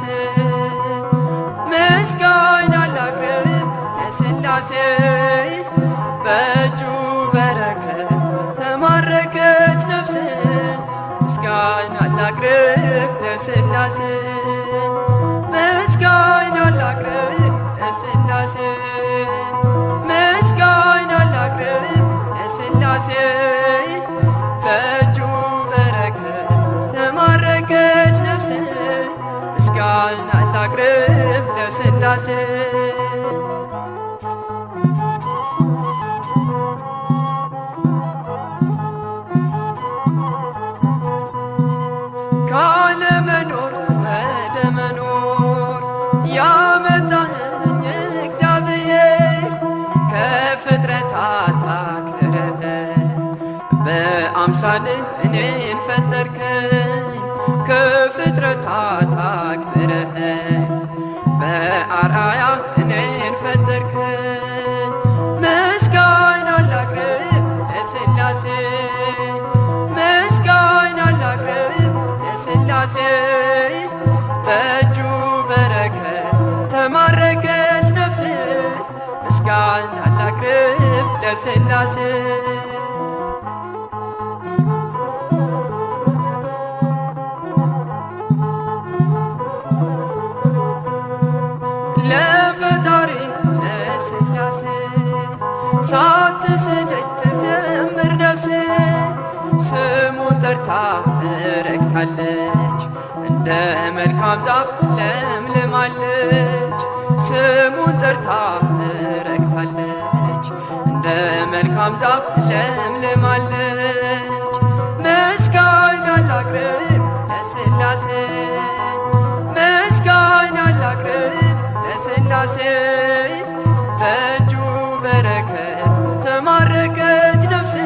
passes. በአምሳልህ እኔን ፈጠርከኝ ከፍጥረታት አክብረኸኝ በአርአያ እኔን ፈጠርከኝ ምስጋና ላቅርብ ለሥላሴ ምስጋና በእጁ በረከት ተማረከች ነፍሴ ምስጋና መልካም ዛፍ ለምልማለች፣ ስሙን ጠርታ ረግታለች። እንደ መልካም ዛፍ ለምልማለች። ምስጋና ላቅርብ ለሥላሴ፣ ምስጋና ላቅርብ ለሥላሴ። በእጁ በረከት ተማረከች ነፍስ፣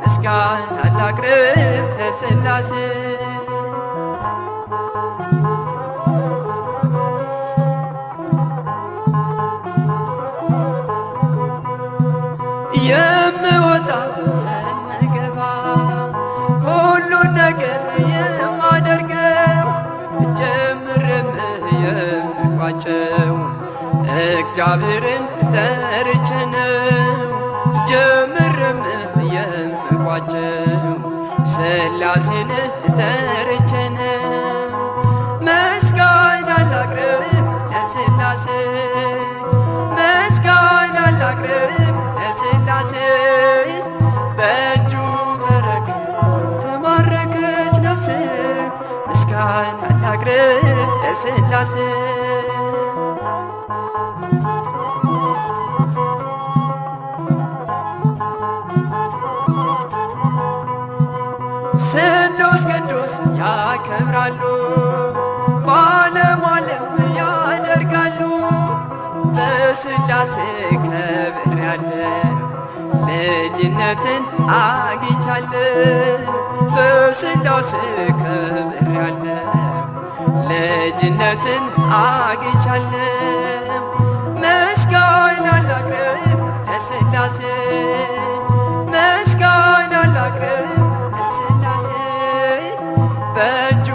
ምስጋና ላቅርብ ለስላሴ ምስጋና ላቅርብ ለስላሴ በእጁ በረከት ተማረከች ነፍስ ምስጋና ላቅርብ ለስላሴ ተረጨው እግዚአብሔርን ተርቼ ነው ጀምርም የምቋጨው ስላሴን ተርቼ ነው ምስጋና ላቅርብ ለስላሴ ለስላሴ በእጁ ተማረከች ነፍስ ምስጋና ላቅርብ ለስላሴ ራስህ ክብር ያለ ልጅነትን አግኝቻለሁ በስላሴ ክብር ያለ ልጅነትን አግኝቻለሁ ምስጋና ላቅርብ ለስላሴ ምስጋና ላቅርብ ለስላሴ በእጁ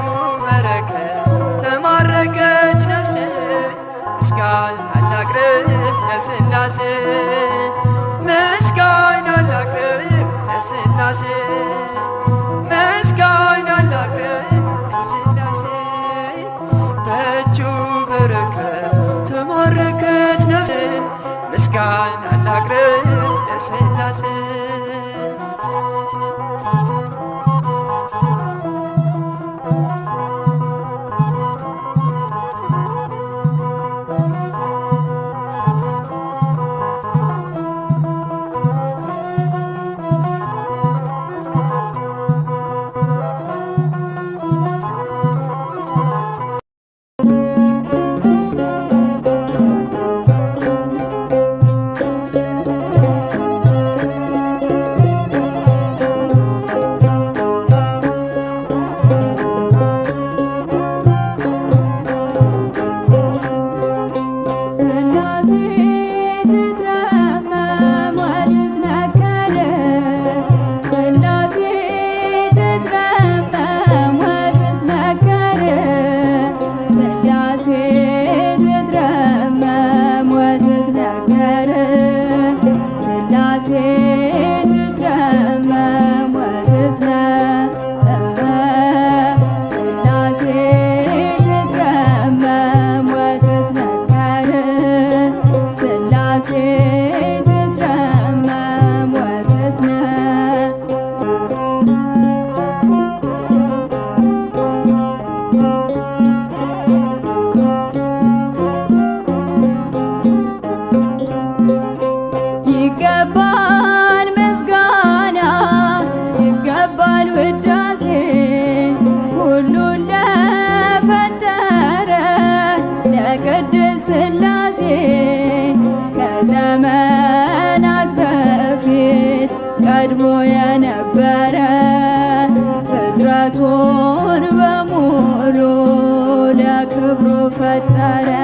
ይገባል ምስጋና ይገባል ውዳሴ ሁሉን ለፈጠረ ለቅድስት ሥላሴ ከዘመናት በፊት ቀድሞ የነበረ ፍጥረቱን በሙሉ ለክብሩ ፈጠረ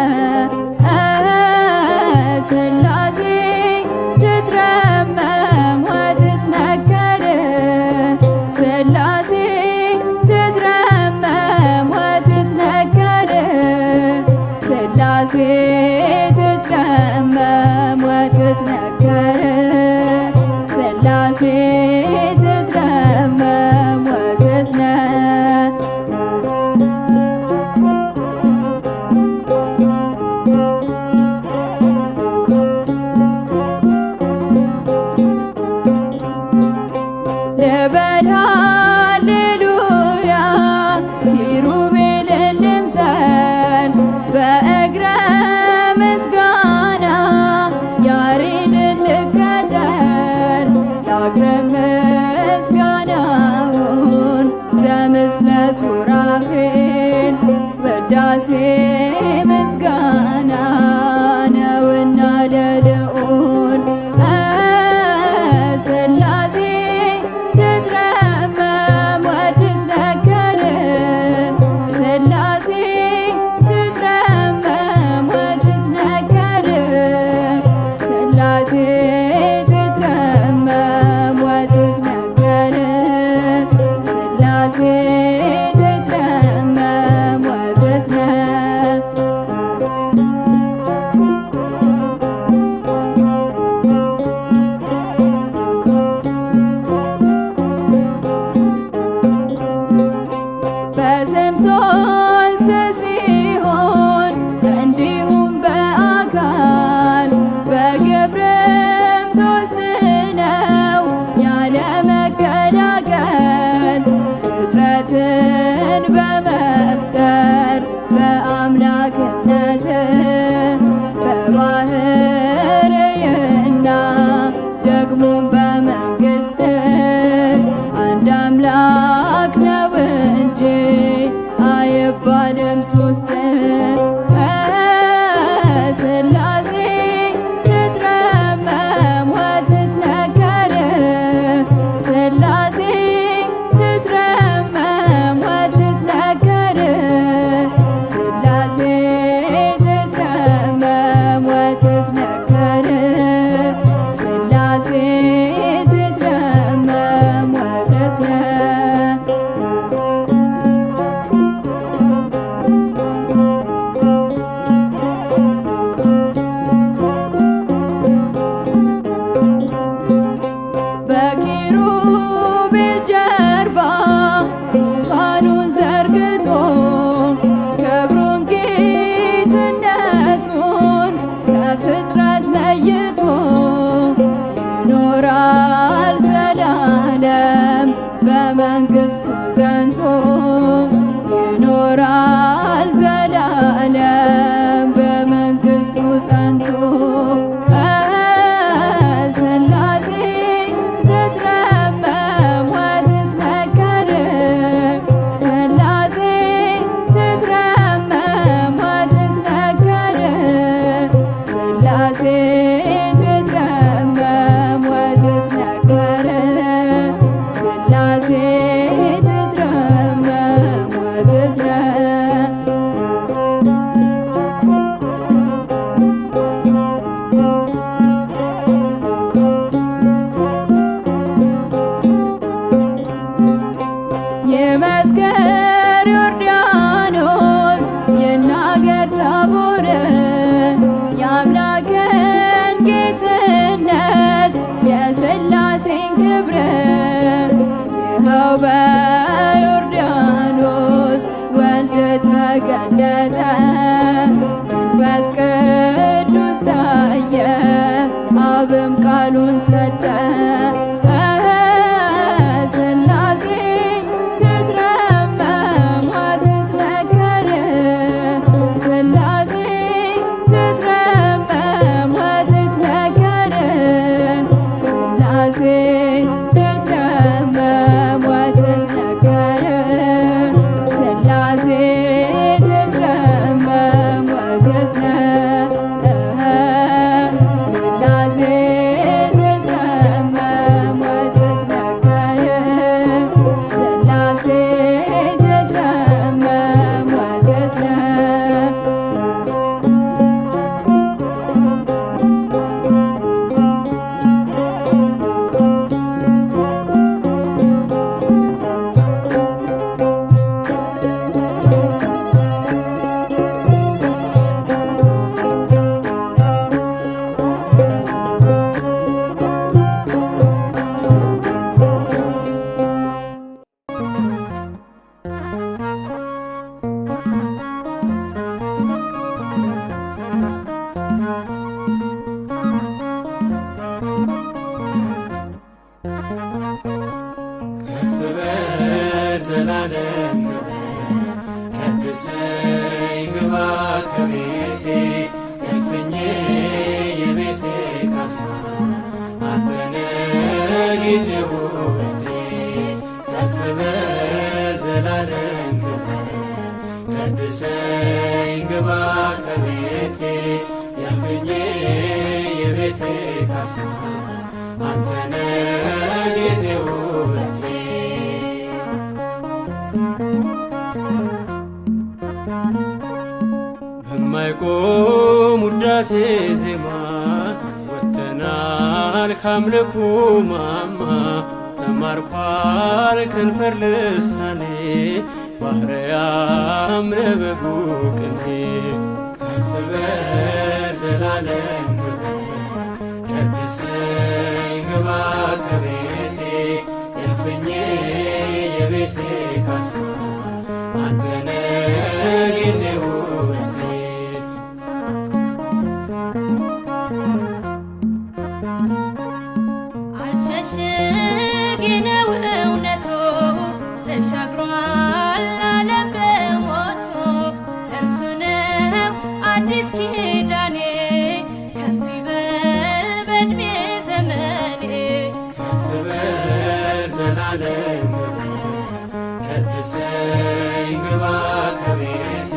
አብም ቃሉን ሰጠ ውዳሴ ዜማ ወተናል ካምልኩ ማማ ተማርኳል ከንፈር ልሳኔ ባህረ ያምረበ ቡቅኔ ከፍ በል ዘላለም ክብር ቀድሰኝ ግባ ከቤቴ እልፍኜ የቤቴ ካስማ አንተነ ጌቴ ክብር ዘላለም ቀድሰኝ ግባ ከቤቴ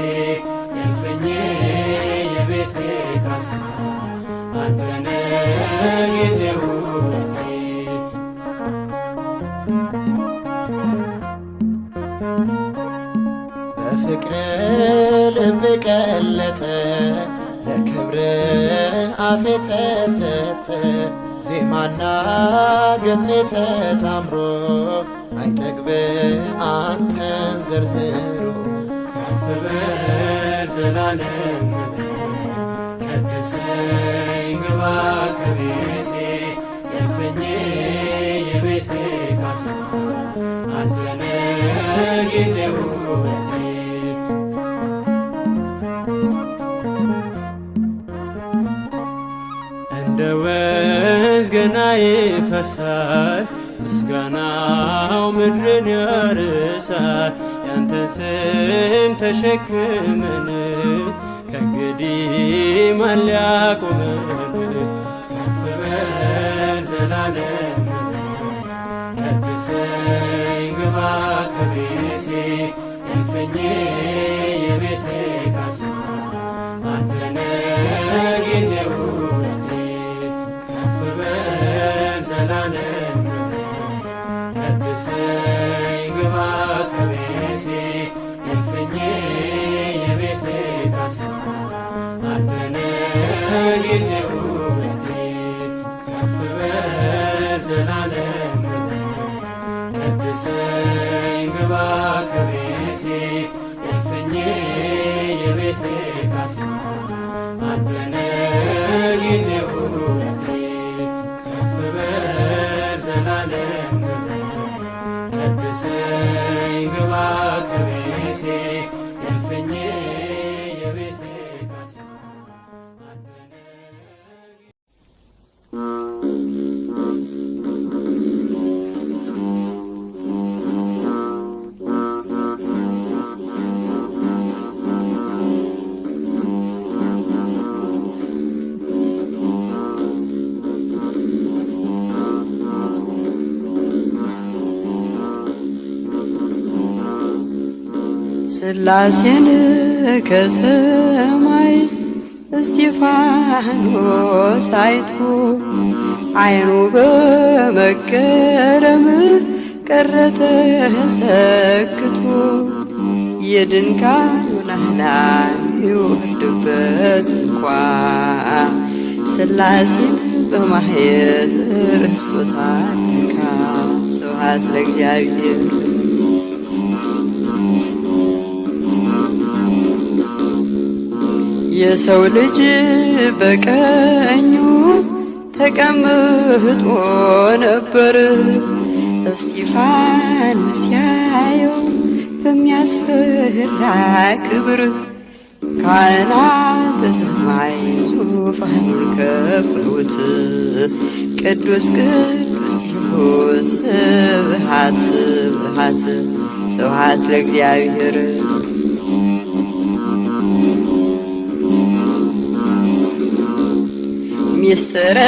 እልፍኜ የቤቴ ካስማ አንተነ ጌቴ ውበቴ በፍቅር ልብ ቀለጠ ለክብር አፌ ተሰጠ ማና ግጥሜ ተጣምሮ አይጠግብ አንተን ዘርዝሮ ከፍ በል ዘላለም ቀድሰኝ ግባ ከቤቴ እልፍኝ የቤቴ ካሳ አንተነህ ጌቴ ውበቴ እንደ ወ ምስጋና ይፈሳል ምስጋናው ምድርን ያርሳል። ያንተ ስም ተሸክመን ከእንግዲህ ማን ሊያቆመን? ከፍ በል ዘላለም ግባ ከቤት በጌትነት ከቤቴ የቤቴ ካስማ አንተ ስላሴን ከሰማይ እስጢፋኖስ አይቶ ዓይኑ በመገረም ቀረተ ሰክቶ የድንጋዩን አናት ይወርድበት እንኳ ሥላሴን በማየት ርስቶታል። ስብሐት ለእግዚአብሔር የሰው ልጅ በቀኙ ተቀምጦ ነበር። እስጢፋኖስ ሲያየው በሚያስፈራ ክብር ካህናተ ሰማይ ዙፋን ከፍሉት ቅዱስ ቅዱስ ይሁን ስብሐት ስብሐት ስብሐት ለእግዚአብሔር ምስጢረ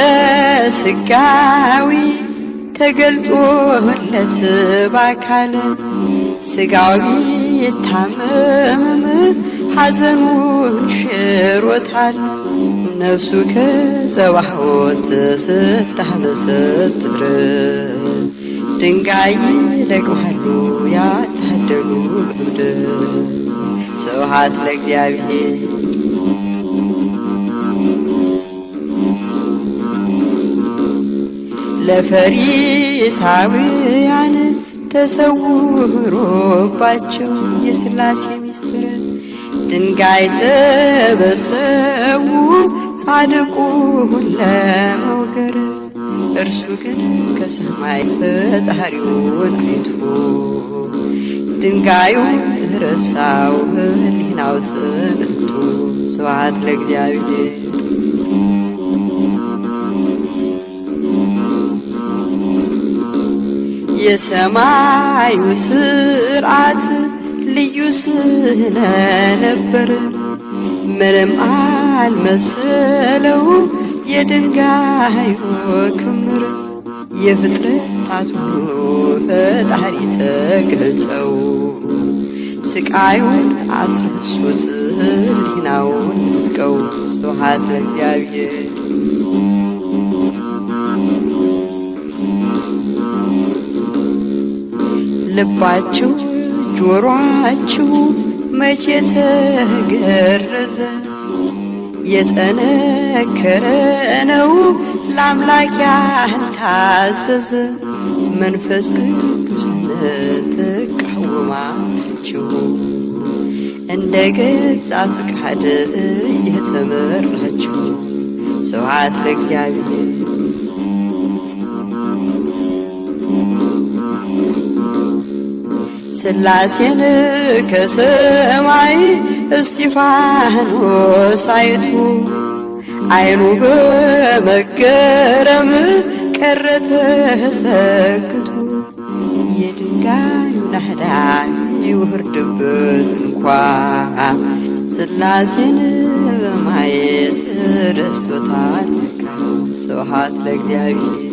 ስጋዊ ተገልጦለት ባካል ስጋዊ የታመመ ሐዘኑ ሽሮታል ነፍሱ ከዘዋሕወት ስታበሰትር ድንጋይ ደግማሉ ያታደሉ ሰውሃት ለእግዚአብሔር ለፈሪሳውያን ተሰውሮባቸው የሥላሴ ምስጢር ድንጋይ ሰበሰቡ ጻድቁ ለመውገር እርሱ ግን ከሰማይ ፈጣሪውን አይቶ ድንጋዩ ረሳው ሕሊናው ጥንቱ ስብሐት ለእግዚአብሔር የሰማዩ ስርዓት ልዩ ስለነበር ምንም አልመሰለውም የድንጋዩ ክምር የፍጥረታት ሁሉ ፈጣሪ ተገልጸው ስቃዩን አስረሱት ሊናውን ንጥቀው ስተውሃት ለእግዚአብሔር ልባችሁ ጆሮአችሁ መቼ ተገረዘ? የጠነከረ ነው ለአምላክ ያልታዘዘ። መንፈስ ቅዱስ ተቃወማችሁ እንደ ገዛ ፍቃድ የተመራችሁ ስብሐት ለእግዚአብሔር። ስላሴን ከሰማይ እስጢፋኖስ አይቱ አይኑ በመገረም ቀረ ተሰክቱ የድንጋይ ናህዳ ይውርድበት እንኳ ስላሴን በማየት ረስቶታል። ስብሐት ለእግዚአብሔር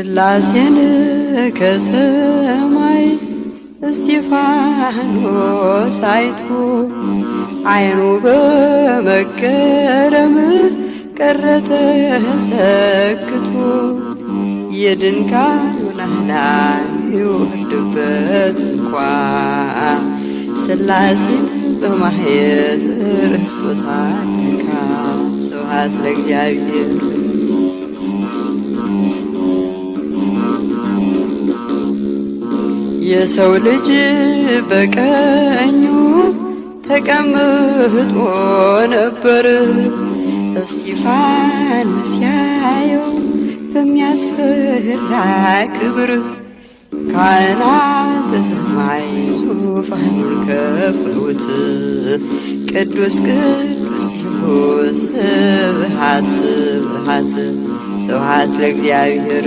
ስላሴን ከሰማይ እስጢፋኖስ አይቶ አይኑ በመገረም ቀረተ ሰክቶ የድንጋዩን ኃይል ይወርድበት እንኳ ስላሴን በማየት ረስቶታል። ስብሐት ለእግዚአብሔር የሰው ልጅ በቀኙ ተቀምጦ ነበር። እስጢፋኖስ ያየው በሚያስፈራ ክብር ካህናተ ሰማይ ዙፋኑን ከፈሉት። ቅዱስ ቅዱስ ስብሐት ስብሐት ስብሐት ለእግዚአብሔር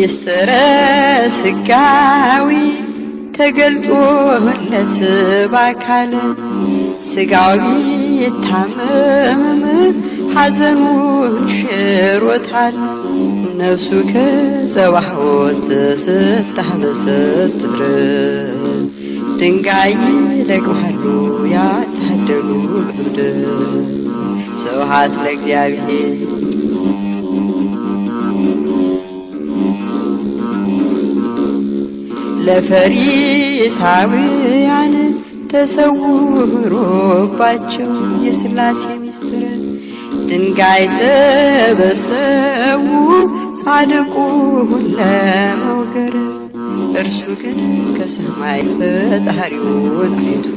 ምስጢረ ስጋዊ ተገልጦለት ባካል ስጋው የታመመ ሐዘኑን ሽሮታል ነፍሱ ከዘባሕወት ስታህበሰት ትብርት ድንጋይ ደግማሉ ያታደሉ ብዕብድ ስብሐት ለእግዚአብሔር ለፈሪሳውያን ተሰውሮባቸው የሥላሴ ምስጢር ድንጋይ ሰበሰቡ ጻድቁ ለመውገር እርሱ ግን ከሰማይ ፈጣሪውን አይቶ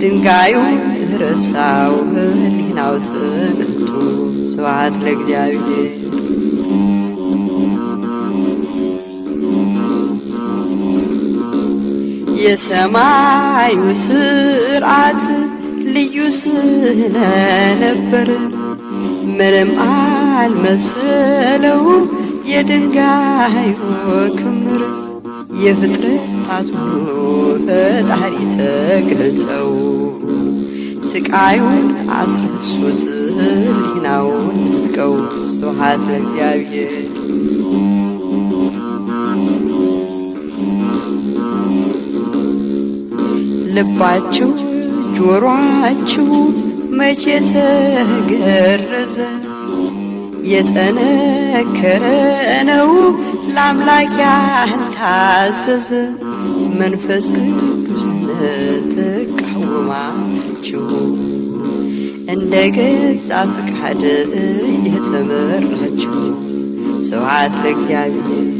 ድንጋዩ ረሳው ሕሊናው ትንቱ ስብሐት ለእግዚአብሔር የሰማዩ ስርዓት ልዩ ስለነበር ምንም አልመሰለው የድንጋዩ ክምር የፍጥረታት ሁሉ ፈጣሪ ተገልጸው ስቃዩን አስረሱት ሊናውን ዝቀው ስብሐት ለእግዚአብሔር ልባችሁ ጆሮአችሁ መቼ ተገረዘ? የጠነከረ ነው ለአምላክ ያልታዘዘ። መንፈስ ቅዱስ ተቃወማችሁ እንደ ገዛ ፍቃድ የተመራችሁ ስብሐት ለእግዚአብሔር።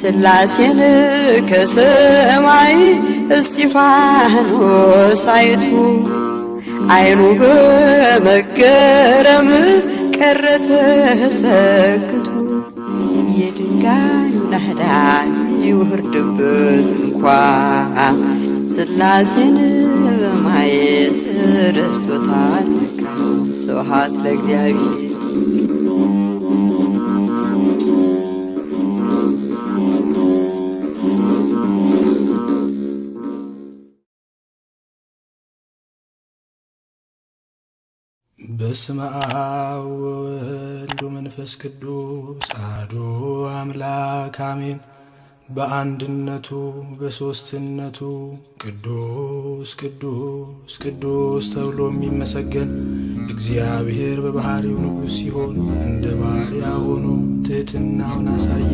ስላሴን ከሰማይ እስጢፋኖስ አይቱ አይኑ በመገረም ቀረ ተሰክቱ የድንጋዩን አህዳን ይውርድበት እንኳ ስላሴን በማየት ረስቶታል። ስብሐት ለእግዚአብሔር በስመ አብ ወወልድ ወመንፈስ ቅዱስ አሐዱ አምላክ አሜን። በአንድነቱ በሦስትነቱ ቅዱስ ቅዱስ ቅዱስ ተብሎ የሚመሰገን እግዚአብሔር በባሕሪው ንጉሥ ሲሆን እንደ ባሪያ ሆኖ ትሕትናውን አሳየ።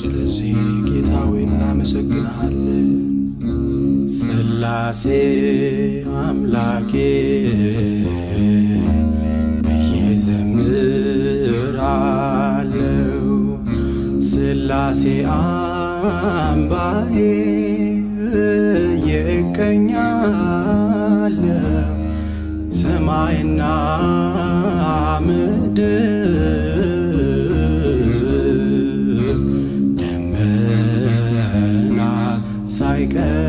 ስለዚህ ጌታ ሆይ እናመሰግንሃለን። ሥላሴ አምላኬ የራሴ አምባዬ ይቀኛል ሰማይና ምድር ደመና ሳይቀር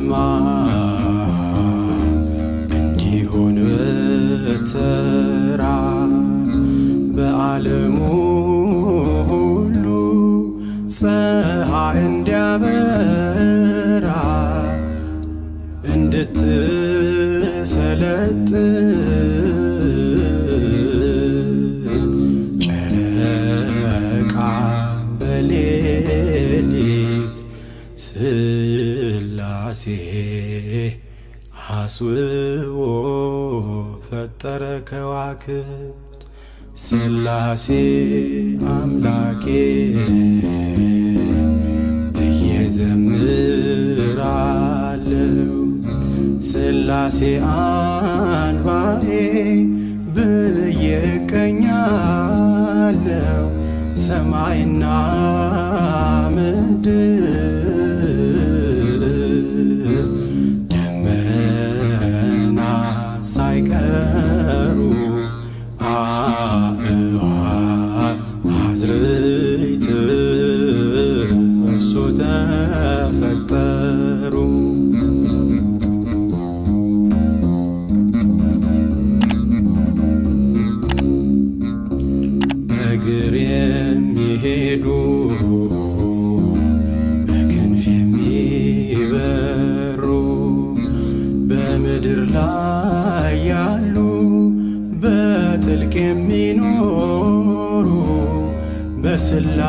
ከተማ እንዲሆን በተራ በዓለሙ ሁሉ ፀሐይ እንዲያበራ እንድትሰለጥ አስውቦ ፈጠረ ከዋክብት ስላሴ አምላኬ እየዘምራለው ሥላሴ አንባዬ ብዬ ቀኛለው ሰማይና ምድር በእግር የሚሄዱ በክንፍ የሚበሩ በምድር ላይ ያሉ በጥልቅ የሚኖሩ በስላ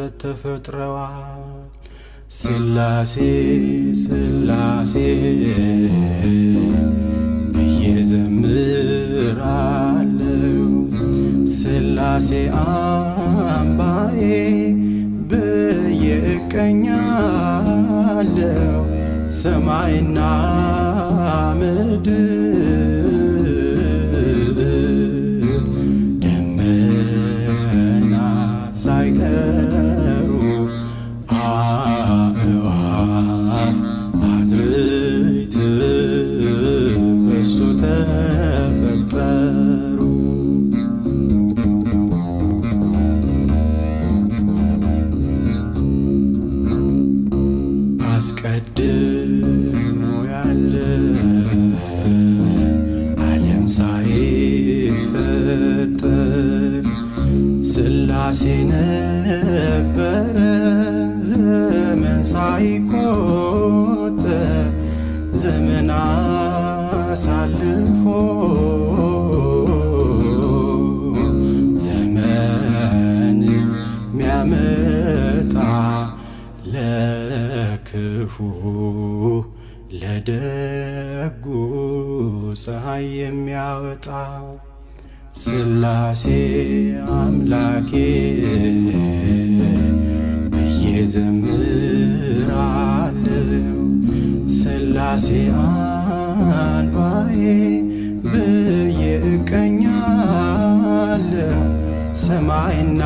ምሕረት ተፈጥረዋል። ስላሴ ስላሴ ብዬ ስላሴ አምባዬ ብዬ እቀኛለሁ። ሰማይና ምድር ለደጉ ፀሐይ የሚያወጣ ስላሴ አምላኬ ብዬ ዘምራለሁ። ስላሴ አልባዬ ብዬ እቀኛለሁ ሰማይና